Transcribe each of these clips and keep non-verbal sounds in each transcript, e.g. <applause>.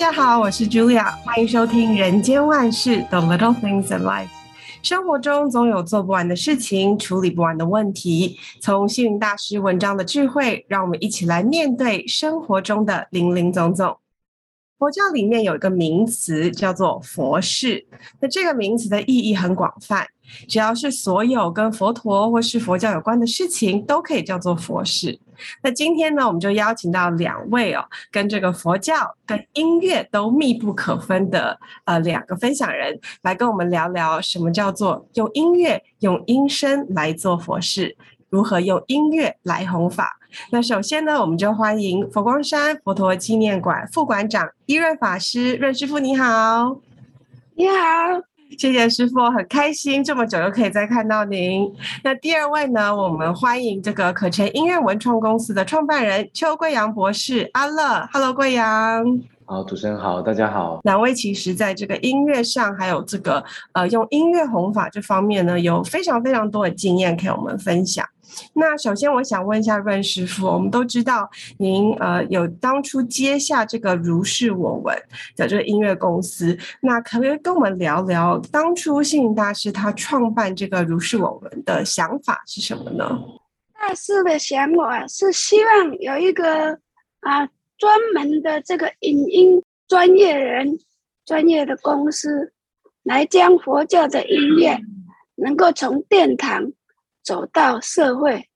大家好，我是 Julia，歡迎收聽《人間萬事 The Little Things in Life》。生活中總有做不完的事情，處理不完的問題。從星雲大師文章的智慧，讓我們一起來面對生活中的零零總總。佛教裡面有一個名詞叫做佛事，那這個名詞的意義很廣泛，只要是所有跟佛陀或是佛教有關的事情，都可以叫做佛事。那今天呢，我們就邀請到兩位哦，跟這個佛教跟音樂都密不可分的呃兩個分享人，來跟我們聊聊什麼叫做用音樂用音聲來做佛事，如何用音樂來弘法。那首先呢，我們就歡迎佛光山佛陀紀念館副館長一潤法師潤師傅，你好，你好，謝謝師傅，很開心這麼久又可以再看到您。那第二位呢，我們歡迎這個可成音樂文創公司的創辦人邱貴陽博士，阿樂，Hello 貴陽。好、哦，主持人好，大家好。兩位其實在這個音樂上，還有這個呃用音樂弘法這方面呢，有非常非常多的經驗，可以我們分享。那首先我想問一下潤師傅，我們都知道您呃有當初接下這個如是我聞的這個音樂公司，那可不可以跟我們聊聊當初星雲大師他創辦這個如是我聞的想法是什麼呢？大師、啊、的想法是希望有一個啊。專門的這個影音專業人、專業的公司，來將佛教的音樂能夠從殿堂走到社會，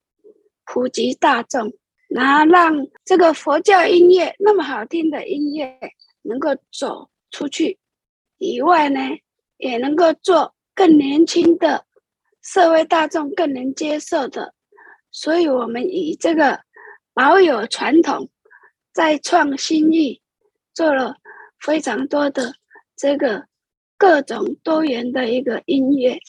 普及大眾，然後讓這個佛教音樂那麼好聽的音樂能夠走出去。以外呢，也能夠做更年輕的，社會大眾更能接受的。所以我們以這個保有傳統。再創新意，做了非常多的這個各種多元的一個音樂。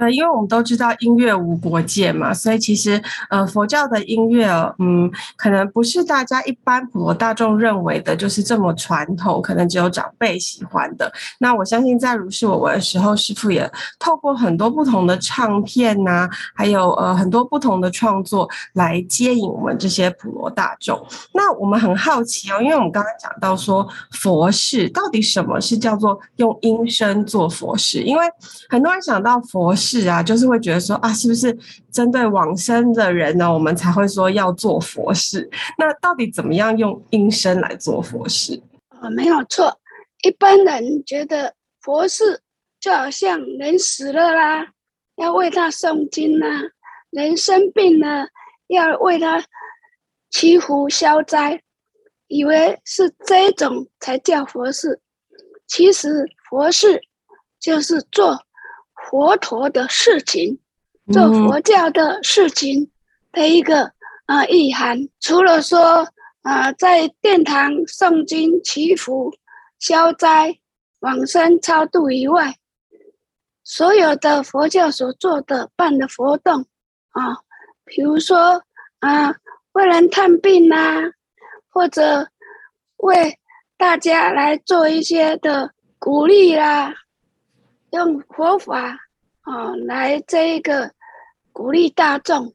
呃，因為我們都知道音樂無國界嘛，所以其實，呃，佛教的音樂，嗯，可能不是大家一般普羅大眾認為的，就是這麼傳統，可能只有長輩喜歡的。那我相信在如是我聞的時候，師父也透過很多不同的唱片吶、啊，還有呃很多不同的創作來接引我們這些普羅大眾。那我們很好奇哦，因為我們剛剛講到說佛事到底什麼是叫做用音聲做佛事，因為很多人想到佛事。是啊，就是會覺得說啊，是不是針對往生的人呢？我們才會說要做佛事。那到底怎麼樣用音聲來做佛事啊、哦？沒有錯，一般人覺得佛事就好像人死了啦，要為他誦經啦、啊，人生病了、啊、要為他祈福消災，以為是這種才叫佛事。其實佛事就是做。佛陀的事情，做佛教的事情的一個啊、mm hmm. 呃、意涵，除了說啊、呃、在殿堂誦經祈福、消災、往生超度以外，所有的佛教所做的辦的活動啊，比、呃、如說啊、呃、為人探病啦、啊，或者為大家來做一些的鼓勵啦、啊。用佛法，啊來這一個鼓勵大眾，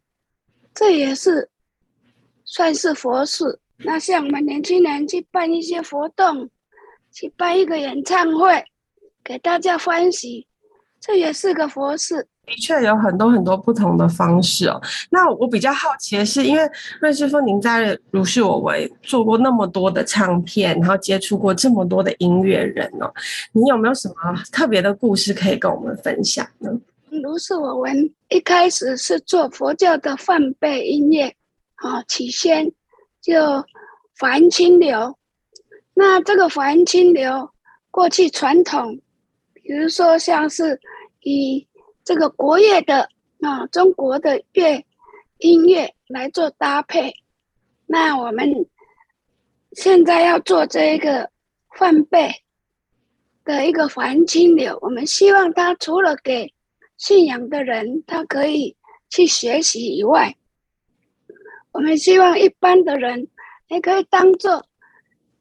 這也是算是佛事。那像我們年輕人去辦一些活動，去辦一個演唱會，給大家歡喜，這也是個佛事。的確有很多很多不同的方式哦。那我，我比較好奇的是，因為瑞師傅，您在如是我聞做過那麼多的唱片，然後接觸過這麼多的音樂人哦，你有沒有什麼特別的故事可以跟我們分享呢？如是我聞一開始是做佛教的梵唄音樂，啊，起先就梵清流。那這個梵清流，過去傳統，比如說像是以這個國樂的啊、哦，中國的樂音樂來做搭配，那我們現在要做這一個梵唄的一個環境柳，我們希望他除了給信仰的人，他可以去學習以外，我們希望一般的人也可以當做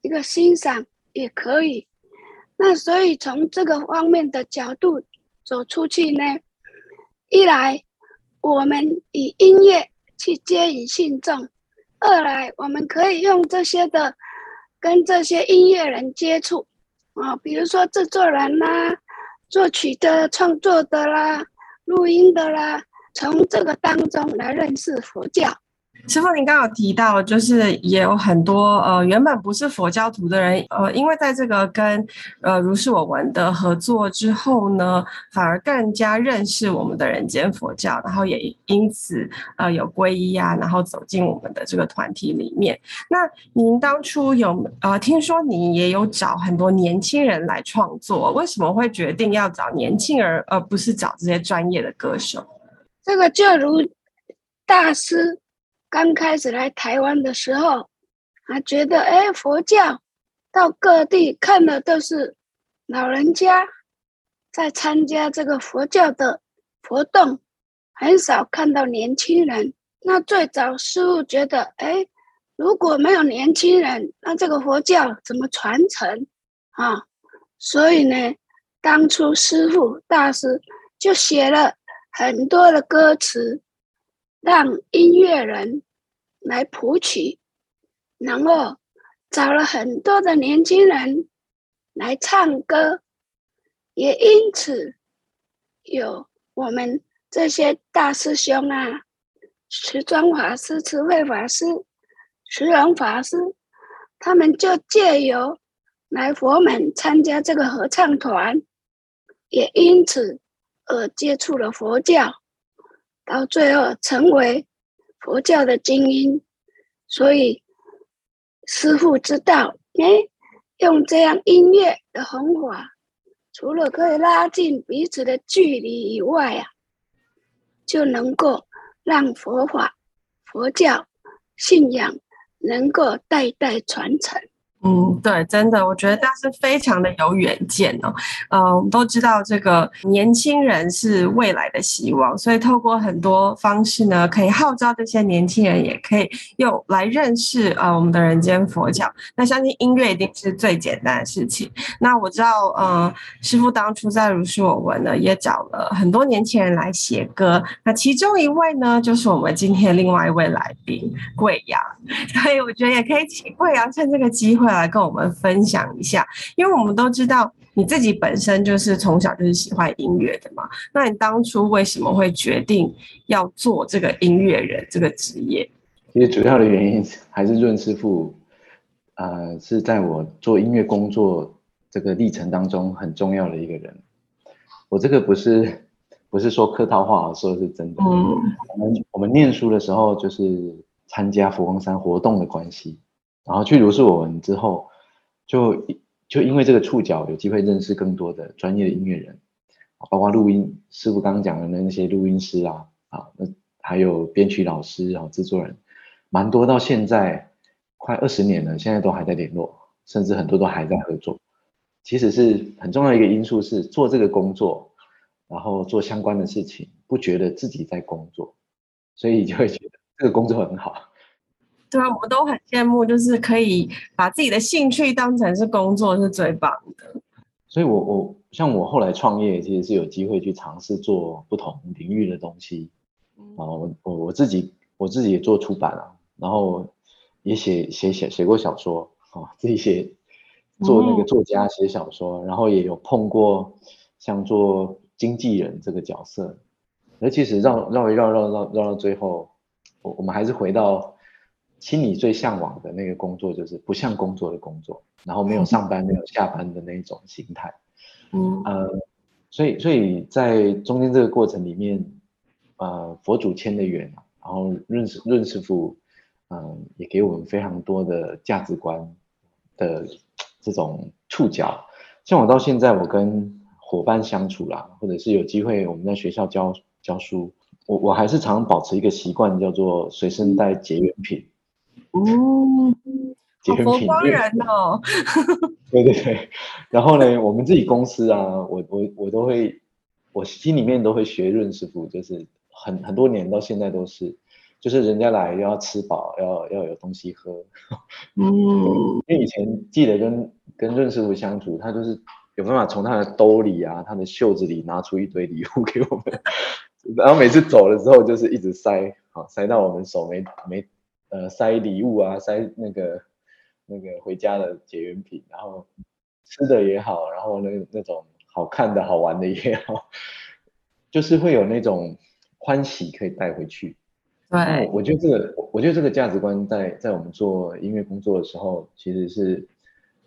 一個欣賞，也可以。那所以從這個方面的角度走出去呢，一來，我們以音樂去接引信眾；二來，我們可以用這些的跟這些音樂人接觸，啊、哦，比如說製作人啦、作曲的、創作的啦、錄音的啦，從這個當中來認識佛教。師父，您剛剛有提到，就是也有很多呃原本不是佛教徒的人，呃，因為在這個跟呃如是我聞的合作之後呢，反而更加認識我們的人間佛教，然後也因此呃有皈依啊，然後走進我們的這個團體裡面。那您當初有呃聽說你也有找很多年輕人來創作，為什麼會決定要找年輕人，而不是找這些專業的歌手？這個就如大師。剛開始來台灣的時候，啊，覺得哎，佛教到各地看的都是老人家在參加這個佛教的活動，很少看到年輕人。那最早師父覺得，哎，如果沒有年輕人，那這個佛教怎麼傳承啊？所以呢，當初師父大師就寫了很多的歌詞。讓音樂人來譜曲，然後找了很多的年輕人來唱歌，也因此有我們這些大師兄啊，慈莊法師、慈惠法師、慈容法師，他們就借由來佛門參加這個合唱團，也因此而接觸了佛教。到最後成為佛教的精英，所以師父知道，哎、欸，用這樣音樂的弘法，除了可以拉近彼此的距離以外啊，就能夠讓佛法、佛教信仰能夠代代傳承。嗯，對，真的，我覺得大師是非常的有遠見哦。嗯、呃，我們都知道這個年輕人是未來的希望，所以透過很多方式呢，可以號召這些年輕人，也可以用來認識啊、呃，我們的人間佛教。那相信音樂一定是最簡單的事情。那我知道，嗯、呃，師父當初在如是我聞呢，也找了很多年輕人來寫歌。那其中一位呢，就是我們今天另外一位來賓貴陽，所以我覺得也可以請貴陽趁這個機會。來跟我們分享一下，因為我們都知道你自己本身就是從小就是喜歡音樂的嘛。那你當初為什麼會決定要做這個音樂人這個職業？其實主要的原因還是潤師傅，呃，是在我做音樂工作這個歷程當中很重要的一個人。我這個不是不是說客套話，我說的是真的。我們、嗯嗯、我們念書的時候就是參加佛光山活動的關係。然後去如是我聞之後，就就因為這個觸角，有機會認識更多的專業的音樂人，包括錄音師傅剛剛講的那些錄音師啊，啊，那還有編曲老師然後、啊、製作人，蠻多到現在快二十年了，現在都還在聯絡，甚至很多都還在合作。其實是很重要的一個因素是做這個工作，然後做相關的事情，不覺得自己在工作，所以就會覺得這個工作很好。對啊，我們都很羨慕，就是可以把自己的興趣當成是工作，是最棒的。所以，我我像我後來創業，其實是有機會去嘗試做不同領域的東西。啊，我我我自己我自己也做出版了，然後也寫寫寫寫過小說啊，自己寫做那個作家寫小說，然後也有碰過像做經紀人這個角色。尤其是繞繞一繞繞繞繞到最後，我我們還是回到。心裡最嚮往的那個工作，就是不像工作的工作，然後沒有上班，沒有下班的那一種心態。嗯，呃，所以所以在中間這個過程裡面，呃，佛祖簽的緣，然後潤潤師傅，嗯、呃，也給我們非常多的價值觀的這種觸角。像我到現在，我跟夥伴相處啦，或者是有機會我們在學校教教書，我我還是常保持一個習慣，叫做隨身帶結緣品。嗯嗯、品哦，好佛人哦，對對對，然後呢，我們自己公司啊，我我我都會，我心裡面都會學潤師傅，就是很很多年到現在都是，就是人家來要吃飽，要要有東西喝。 <laughs> 嗯，因為以前記得跟跟潤師傅相處，他就是有辦法從他的兜裡啊，他的袖子裡拿出一堆禮物給我們，然後每次走了之後，就是一直塞，好塞到我們手沒沒。呃，塞禮物啊，塞那個那個回家的結緣品，然後吃的也好，然後那那種好看的好玩的也好，就是會有那種歡喜可以帶回去。對，Right. 我覺得這個我覺得這個價值觀在在我們做音樂工作的時候，其實是。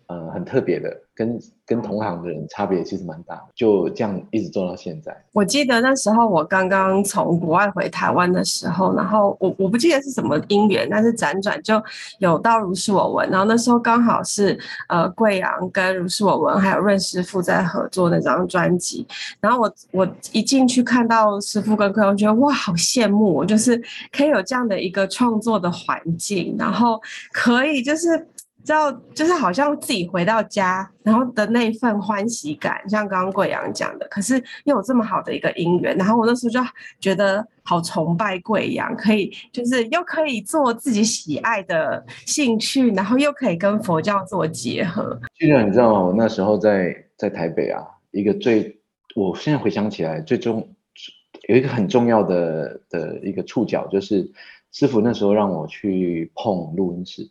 呃，很特別的，跟跟同行的人差別其實蠻大，就這樣一直做到現在。我記得那時候我剛剛從國外回台灣的時候，然後我我不記得是什麼因緣，但是輾轉就有到如是我聞。然後那時候剛好是呃貴陽跟如是我聞還有任師傅在合作的那張專輯，然後我我一進去看到師傅跟貴陽，我覺得哇，好羨慕，就是可以有這樣的一個創作的環境，然後可以就是。知道就是好像自己回到家，然後的那份歡喜感，像剛剛貴陽講的，可是又有這麼好的一個因緣，然後我那時候就覺得好崇拜貴陽，可以就是又可以做自己喜愛的興趣，然後又可以跟佛教做結合。其實你知道嗎？我那時候在在台北啊，一個最我現在回想起來最重有一個很重要的的一個觸角，就是師父那時候讓我去碰錄音室。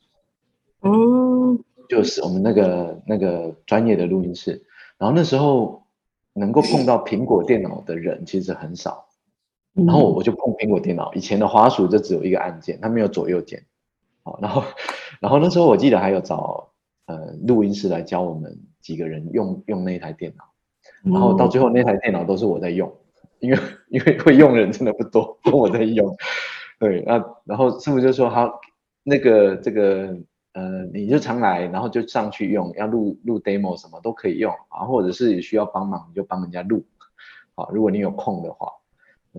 Oh. 就是我們那個那個專業的錄音室，然後那時候能夠碰到蘋果電腦的人其實很少，然後我就碰蘋果電腦，以前的滑鼠就只有一個按鍵，它沒有左右鍵，哦，然後然後那時候我記得還有找呃錄音師來教我們幾個人用用那台電腦，然後到最後那台電腦都是我在用，oh. 因為因為會用的人真的不多，我在用，對，那然後師傅就說好，那個這個。呃，你就常來，然後就上去用，要錄錄 demo 什麼都可以用，啊，或者是需要幫忙你就幫人家錄，好，啊，如果你有空的話，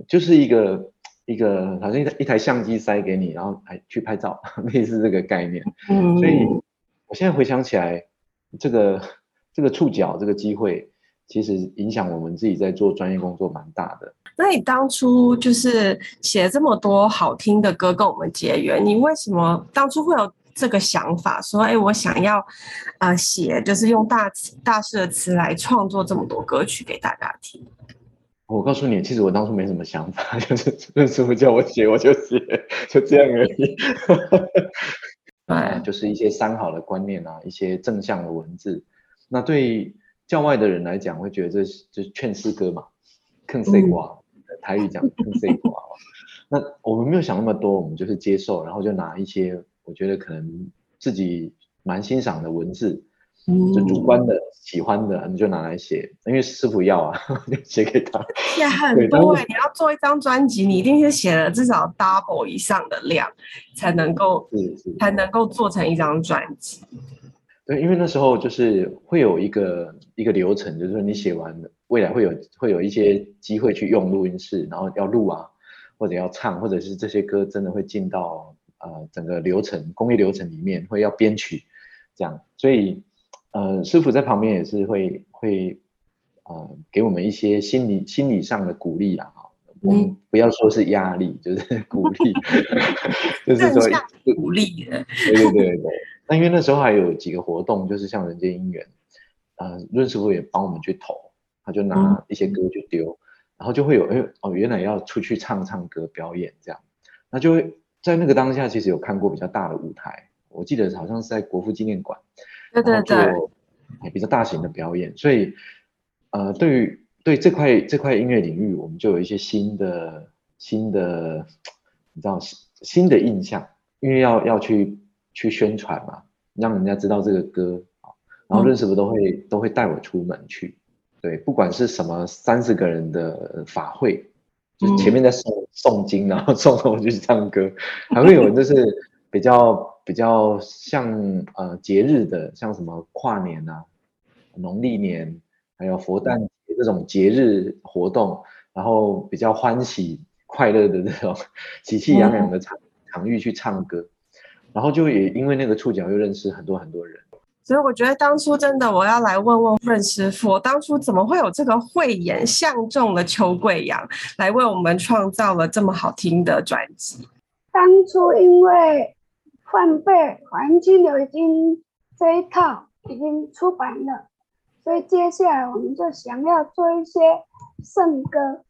就是一個一個好像一台相機塞給你，然後還去拍照，類似這個概念。嗯，所以我現在回想起來，這個這個觸角，這個機會，其實影響我們自己在做專業工作蠻大的。那你當初就是寫這麼多好聽的歌跟我們結緣，你為什麼當初會有？這個想法，所以、欸，我想要，呃，寫就是用大詞、大師的詞來創作這麼多歌曲給大家聽。我告訴你，其實我當初沒什麼想法，就是任師傅叫我寫我就寫，就這樣而已。哎、 <laughs> 嗯嗯，就是一些三好的觀念啊，一些正向的文字。那對教外的人來講，會覺得這是、就是、勸世歌嘛，勸世歌。嗯，台語講勸世歌。 <laughs> 那我們沒有想那麼多，我們就是接受，然後就拿一些。我覺得可能自己蠻欣賞的文字，就主觀的、嗯、喜歡的，你就拿來寫，因為師父要啊， <laughs> 寫給他。寫很多哎，你要做一張專輯，你一定是寫了至少 double 以上的量，才能夠，是是才能夠做成一張專輯。對，因為那時候就是會有一個一個流程，就是說你寫完，未來會有會有一些機會去用錄音室，然後要錄啊，或者要唱，或者是這些歌真的會進到。呃，整個流程，工藝流程裡面會要編曲，這樣，所以，呃，師傅在旁邊也是會會，呃，給我們一些心理心理上的鼓勵啦，哈，嗯，我們不要說是壓力，就是鼓勵， <laughs> 就是說鼓勵， <laughs> 對對對，對，對，那因為那時候還有幾個活動，就是像人間音緣，呃，潤師傅也幫我們去投，他就拿一些歌去丟，嗯、然後就會有，哎哦，原來要出去唱唱歌表演這樣，那就會。在那個當下，其實有看過比較大的舞台，我記得好像是在國父紀念館，對對對，然後做還比較大型的表演，所以，呃，對於對這塊這塊音樂領域，我們就有一些新的新的，你知道，新新的印象，因為要要去去宣傳嘛，讓人家知道這個歌，然後認識不都會、嗯、都會帶我出門去，對，不管是什麼三十個人的法會。就前面在誦、嗯、誦經，然後誦就去唱歌，還會有就是比較比較像呃節日的，像什麼跨年啊、農曆年，還有佛誕節這種節日活動，嗯、然後比較歡喜快樂的那種喜氣洋洋的場、嗯、場域去唱歌，然後就也因為那個觸角又認識很多很多人。所以我覺得當初真的，我要來問問潤師傅，當初怎麼會有這個慧眼，相中了邱貴陽，來為我們創造了這麼好聽的專輯。當初因為梵唄，黃金牛已經這一套已經出版了，所以接下來我們就想要做一些聖歌。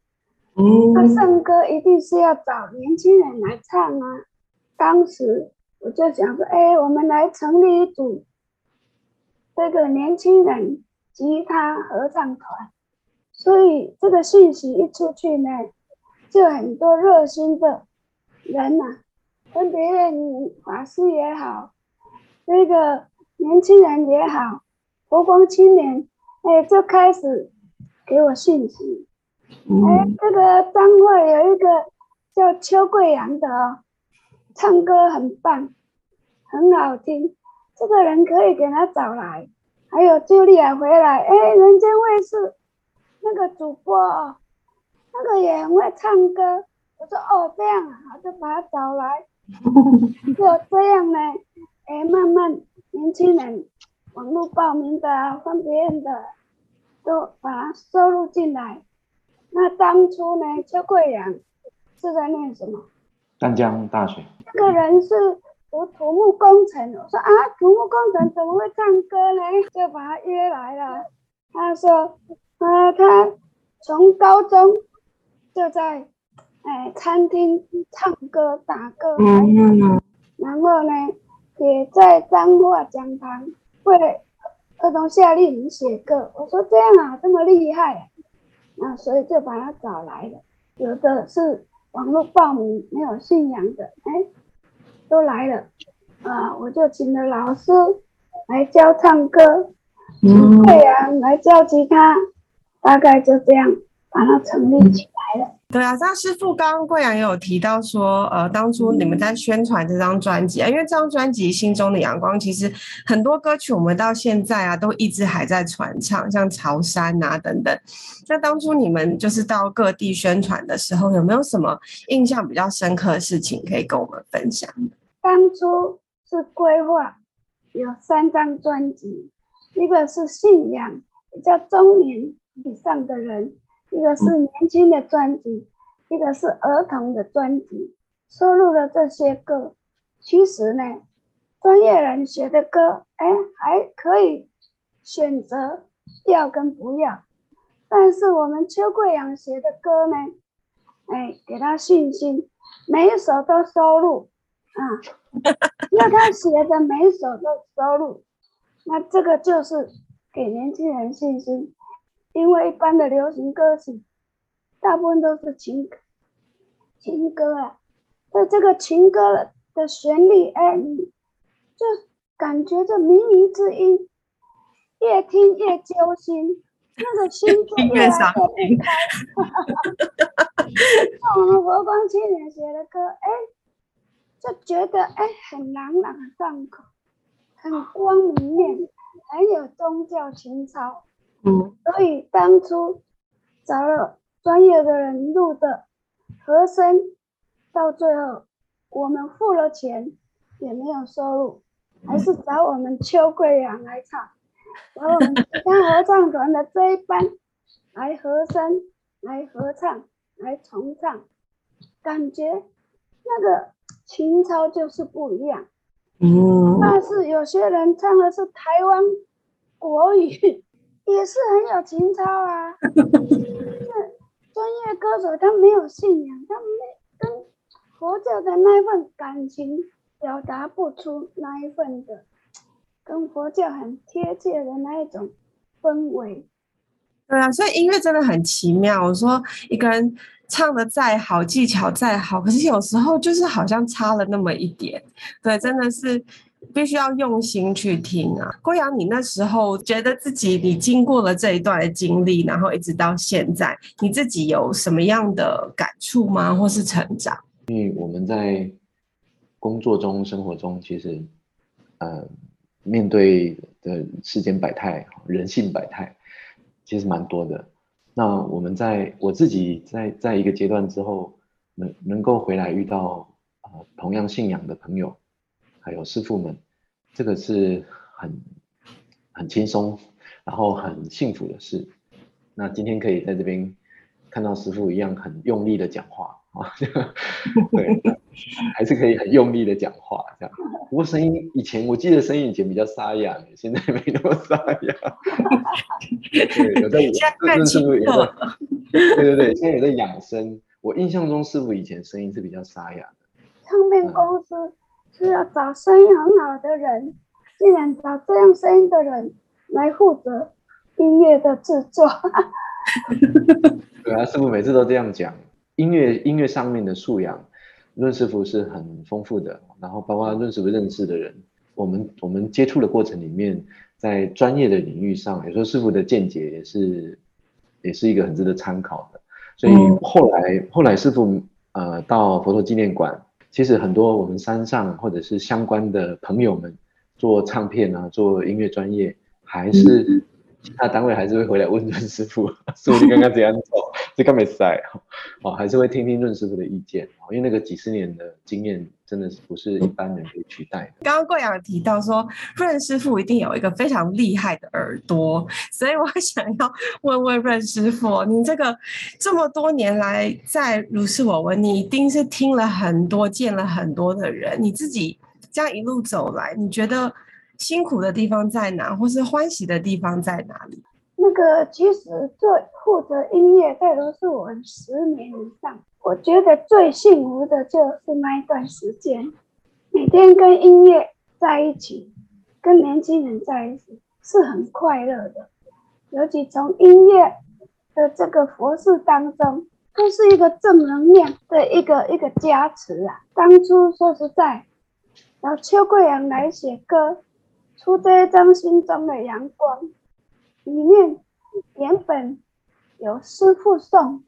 嗯，那聖歌一定是要找年輕人來唱啊。當時我就想說，哎，我們來成立一組。這個年輕人吉他合唱團，所以這個信息一出去呢，就很多熱心的人吶、啊，分別，是法師也好，這個年輕人也好，佛光青年哎，就開始給我信息。哎，這個單位有一個叫邱桂陽的哦，唱歌很棒，很好聽。這個人可以給他找來，還有朱麗婭回來，哎，人間衛視那個主播，那個人會唱歌。我說哦，這樣啊，我就把他找來。做 <laughs> 這樣呢，哎，慢慢年輕人，網絡報名的、啊、分別人的，都把他收入進來。那當初呢，邱桂陽是在念什麼？淡江大學。那個人是。讀土木工程，我說啊，土木工程怎麼會唱歌呢？就把他約來了。他說，啊、呃，他從高中就在，欸、餐廳唱歌、打歌，然後呢，也在彰化講堂為兒童夏令營寫歌。我說這樣啊，這麼厲害、啊，那所以就把他找來了。有的是網絡報名沒有信仰的，哎、欸。都來了，啊，我就請了老師來教唱歌，請慧陽來教吉他，大概就這樣把它成立起來了。對啊，那師傅剛剛貴陽也有提到說，呃，當初你們在宣傳這張專輯啊，因為這張專輯《心中的陽光》其實很多歌曲，我們到現在啊都一直還在傳唱，像《潮汕》啊等等。那當初你們就是到各地宣傳的時候，有沒有什麼印象比較深刻的事情可以跟我們分享？當初是規劃有三張專輯，一個是信仰，叫中年以上的人。一個是年輕的專輯，一個是兒童的專輯，收錄了這些歌。其實呢，專業人寫的歌，哎，還可以選擇要跟不要。但是我們邱桂陽寫的歌呢，哎，給他信心，每一首都收錄啊，因為他寫的每一首都收錄，那這個就是給年輕人信心。因為一般的流行歌曲，大部分都是情歌情歌啊。對這個情歌的旋律哎，你就感覺這靡靡之音，越聽越揪心，那個心就越來越不開。像我們佛光青年寫的歌哎，就覺得哎很朗朗上口，很光明面，很有宗教情操。所以當初找了專業的人錄的和聲，到最後我們付了錢也沒有收入，還是找我們邱桂陽來唱，找我們浙江合唱團的這一班來和聲、來合唱、唱，來重唱，感覺那個情操就是不一樣。嗯，但是有些人唱的是台灣國語。也是很有情操啊， <laughs> 專業歌手他沒有信仰，他沒跟佛教的那一份感情表達不出那一份的、跟佛教很貼切的那一種氛圍。對啊，所以音樂真的很奇妙。我說一個人唱的再好，技巧再好，可是有時候就是好像差了那麼一點。對，真的是。必須要用心去聽啊，郭陽，你那時候覺得自己，你經過了這一段的經歷，然後一直到現在，你自己有什麼樣的感觸嗎？或是成長？因為我們在工作中、生活中，其實，呃，面對的世間百態、人性百態，其實蠻多的。那我們在我自己在在一個階段之後，能能夠回來遇到啊、呃，同樣信仰的朋友。還有師傅們，這個是很很輕鬆，然後很幸福的事。那今天可以在這邊看到師傅一樣很用力的講話啊，對，還是可以很用力的講話這樣。 <laughs> 不過聲音以前我記得聲音以前比較沙啞，現在沒那麼沙啞。對，有在認真進步。對對對，現在有在養生。我印象中師傅以前聲音是比較沙啞的。唱片公司。啊是要找聲音很好的人，竟然找這樣聲音的人來負責音樂的制作。 <laughs> <laughs> 對啊，師父每次都這樣講。音樂音樂上面的素養，論師父是很豐富的。然後包括論師父認識的人，我們我們接觸的過程裡面，在專業的領域上，有時候師父的見解也是也是一個很值得參考的。所以後來、嗯、後來師父呃到佛陀紀念館。其實很多我們山上或者是相關的朋友們做唱片啊，做音樂專業，還是其他單位還是會回來問問師傅，說你剛剛怎樣做？這個沒在我還是會聽聽任師傅的意見，因為那個幾十年的經驗，真的是不是一般人可以取代的。剛剛貴陽提到說，任師傅一定有一個非常厲害的耳朵，所以我想要問問任師傅，你這個這麼多年來在如是我聞，你一定是聽了很多、見了很多的人，你自己這樣一路走來，你覺得辛苦的地方在哪，或是歡喜的地方在哪裡？那個，其實做負責音樂，那都是我們十年以上。我覺得最幸福的就是那一段時間，每天跟音樂在一起，跟年輕人在一起，是很快樂的。尤其從音樂的這個佛事當中，它是一個正能量的一個一個加持啊。當初說實在，然後邱桂陽來寫歌，出這一張心中的陽光。裡面原本有師傅送，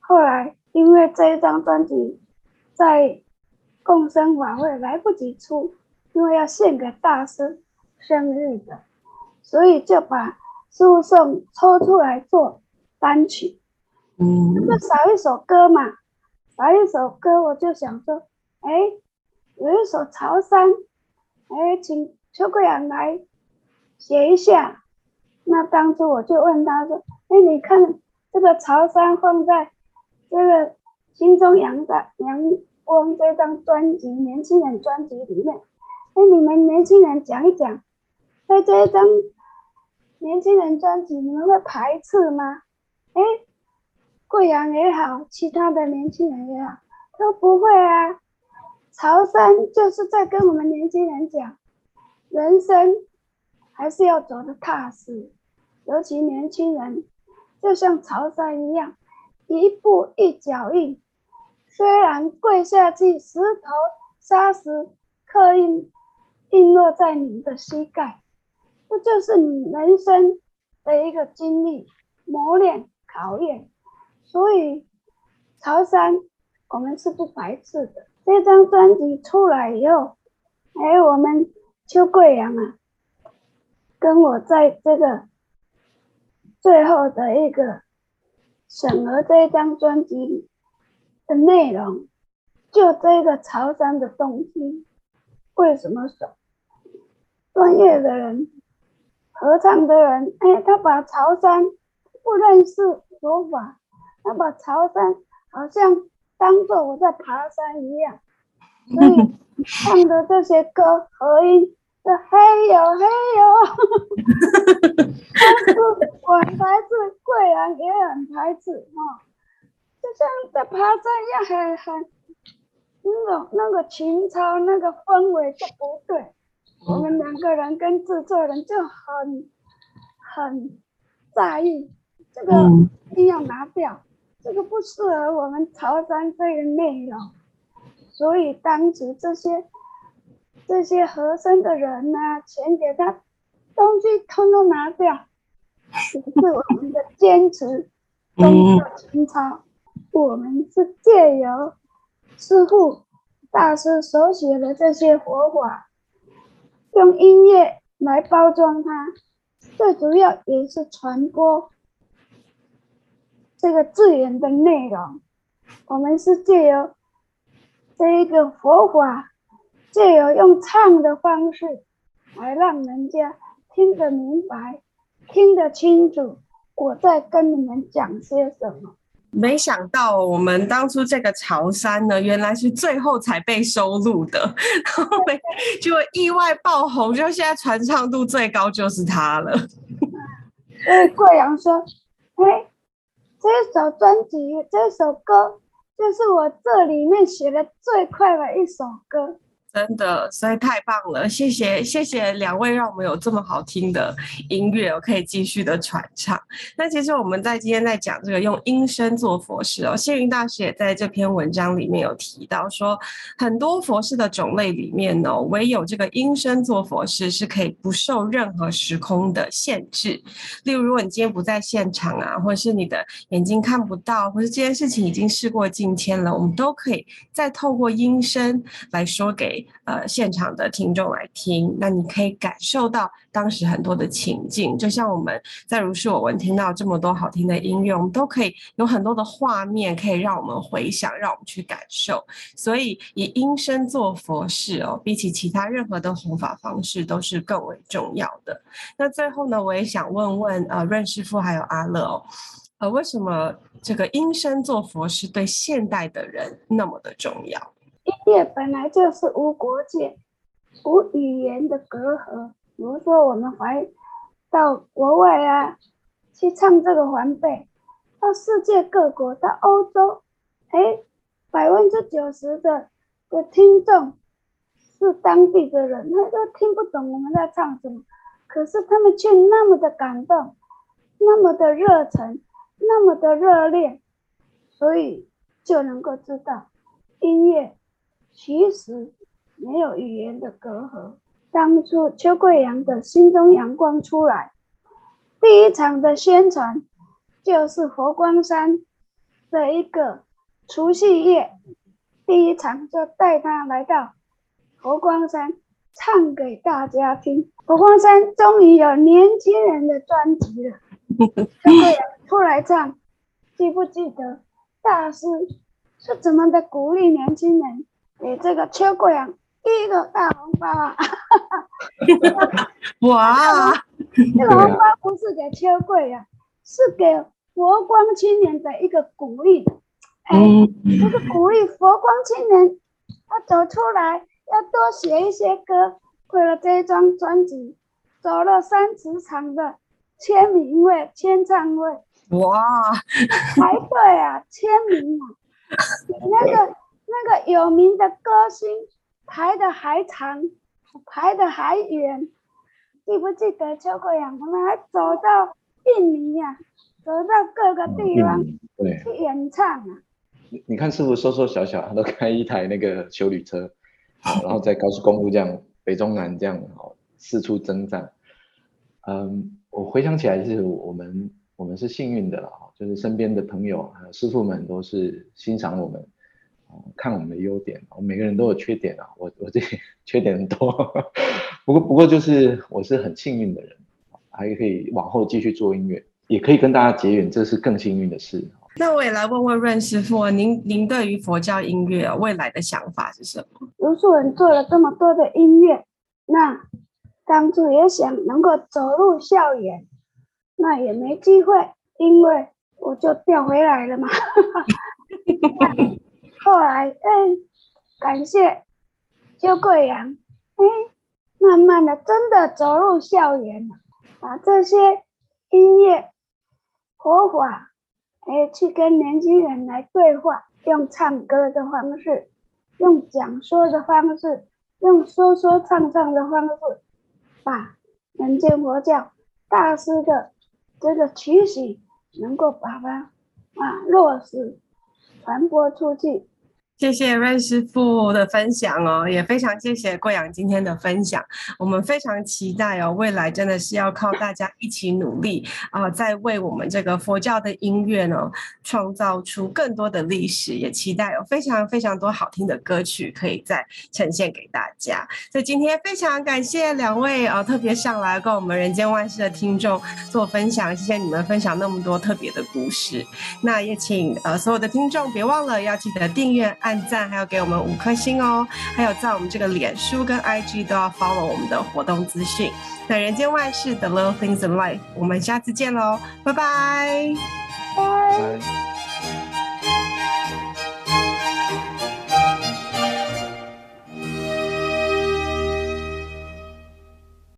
後來因為這一張專輯在共生晚會來不及出，因為要獻給大師生日的，所以就把師傅送抽出來做單曲，嗯、那就少一首歌嘛，少一首歌我就想說，哎、欸，有一首朝山，哎、欸，請邱貴陽來寫一下。那當初我就問他說：“哎、欸，你看這個朝山放在這個《心中陽的陽光》這張專輯，年輕人專輯裡面，哎、欸，你們年輕人講一講，在、欸、這一張年輕人專輯你們會排斥嗎？哎、欸，貴陽也好，其他的年輕人也好，都不會啊。朝山就是在跟我們年輕人講人生。”還是要走得踏實，尤其年輕人，就像朝山一樣，一步一腳印。雖然跪下去，石頭、砂石刻印，印落在你的膝蓋，這就，就是你人生的一個經歷、磨練、考驗。所以，朝山我們是不排斥的。這張專輯出來以後，哎，我們去貴陽啊。跟我在這個最後的一個審核這一張專輯的內容，就這個朝山的東西，為什麼說專業的人、合唱的人，哎、欸，他把朝山不認識手法，他把朝山好像當做我在爬山一樣，所以唱的這些歌和音。嘿呦嘿呦，哈哈哈哈哈！ <laughs> <laughs> 我才是貴人，也很才子嘛、哦。就像在爬山一樣，很很那個那個情操，那個氛圍就不對。我們兩個人跟制作人就很很在意這個，一定要拿掉。這個不適合我們潮汕這個內容，所以當時這些。這些和聲的人吶、啊，錢給他東西，通通拿掉。是我們的堅持工作，宗教情操。我們是借由師父、大師所寫的這些佛法，用音樂來包裝它，最主要也是傳播這個字眼的內容。我們是借由這一個佛法，只有用唱的方式，來讓人家聽得明白，嗯、聽得清楚，我在跟你們講些什麼。沒想到我們當初這個潮汕呢，原來是最後才被收錄的，然後被就意外爆紅，就現在傳唱度最高就是他了。嗯，貴陽說，喂、欸，這首專輯，這首歌，就是我這裡面寫的最快的一首歌。真的，所以太棒了，謝謝謝謝兩位，讓我們有這麼好聽的音樂，我可以繼續的傳唱。那其實我們在今天在講這個用音聲做佛事哦，星雲大師也在這篇文章裡面有提到說，很多佛事的種類裡面哦，唯有這個音聲做佛事是可以不受任何時空的限制。例如，如果你今天不在現場啊，或是你的眼睛看不到，或是這件事情已經事過境遷了，我們都可以再透過音聲來說給。呃，現場的聽眾來聽，那你可以感受到當時很多的情境，就像我們在如是我聞聽到這麼多好聽的音樂，我們都可以有很多的畫面可以讓我們回想，讓我們去感受。所以以音聲做佛事哦，比起其他任何的弘法方式都是更為重要的。那最後呢，我也想問問呃，潤師父還有阿樂哦，呃，為什麼這個音聲做佛事對現代的人那麼的重要？音樂本來就是無國界、無語言的隔閡。比如說，我們還到國外啊，去唱這個梵唄，到世界各國，到歐洲，哎，百分之九十的的聽眾是當地的人，他都聽不懂我們在唱什麼，可是他們卻那麼的感動，那麼的熱忱，那麼的熱烈，所以就能夠知道音樂。其實沒有語言的隔閡。當初邱桂陽的心中陽光出來，第一場的宣傳就是佛光山的一個除夕夜，第一場就帶他來到佛光山唱給大家聽。佛光山終於有年輕人的專輯了。邱 <laughs> 桂陽出來唱，記不記得大師是怎麼的鼓勵年輕人？你這個秋桂啊，一個大紅包啊！哈哈哈哈哇，這個紅包不是給秋桂啊，啊是給佛光青年的一個鼓勵。嗯、哎，就是鼓勵佛光青年，他走出來要多寫一些歌。為了這張專輯，走了三十場的簽名會、簽唱會。哇，排 <laughs> 隊啊，簽名啊，那個。那個有名的歌星排得還長，排得還遠。記不記得邱葵陽？我們還走到印尼呀、啊，走到各個地方去演唱啊。你、嗯、你看，師父瘦瘦小小，他都開一台那個休旅車， <laughs> 然後在高速公路這樣北中南這樣四處征戰。嗯，我回想起來，就是我們我們是幸運的了，就是身邊的朋友師父們都是欣賞我們。看我們的優點，我們每個人都有缺點啊。我我這缺點很多，不過不過就是我是很幸運的人，還可以往後繼續做音樂，也可以跟大家結緣，這是更幸運的事。那我也來問問潤師傅，您您對於佛教音樂、哦、未來的想法是什麼？無數人做了這麼多的音樂，那當初也想能夠走入校園，那也沒機會，因為我就調回來了嘛。 <laughs> 後來，嗯、哎，感謝就貴陽，嗯、哎，慢慢的真的走入校園了，把這些音樂佛法，哎，去跟年輕人來對話，用唱歌的方式，用講說的方式，用說說唱唱的方式，把人間佛教大師的這個提醒，能夠把它啊落實、傳播出去。謝謝瑞師傅的分享哦，也非常謝謝貴陽今天的分享。我們非常期待哦，未來真的是要靠大家一起努力啊、呃，在為我們這個佛教的音樂呢，創造出更多的歷史。也期待有非常非常多好聽的歌曲可以再呈現給大家。所以今天非常感謝兩位啊、呃，特別上來跟我們人間萬事的聽眾做分享，謝謝你們分享那麼多特別的故事。那也請呃所有的聽眾別忘了要記得訂閱。按讚，還有給我們五顆星哦！還有在我們這個臉書跟 IG 都要 follow 我們的活動資訊。那人間萬事 the little things in life，我們下次見嘍，拜拜！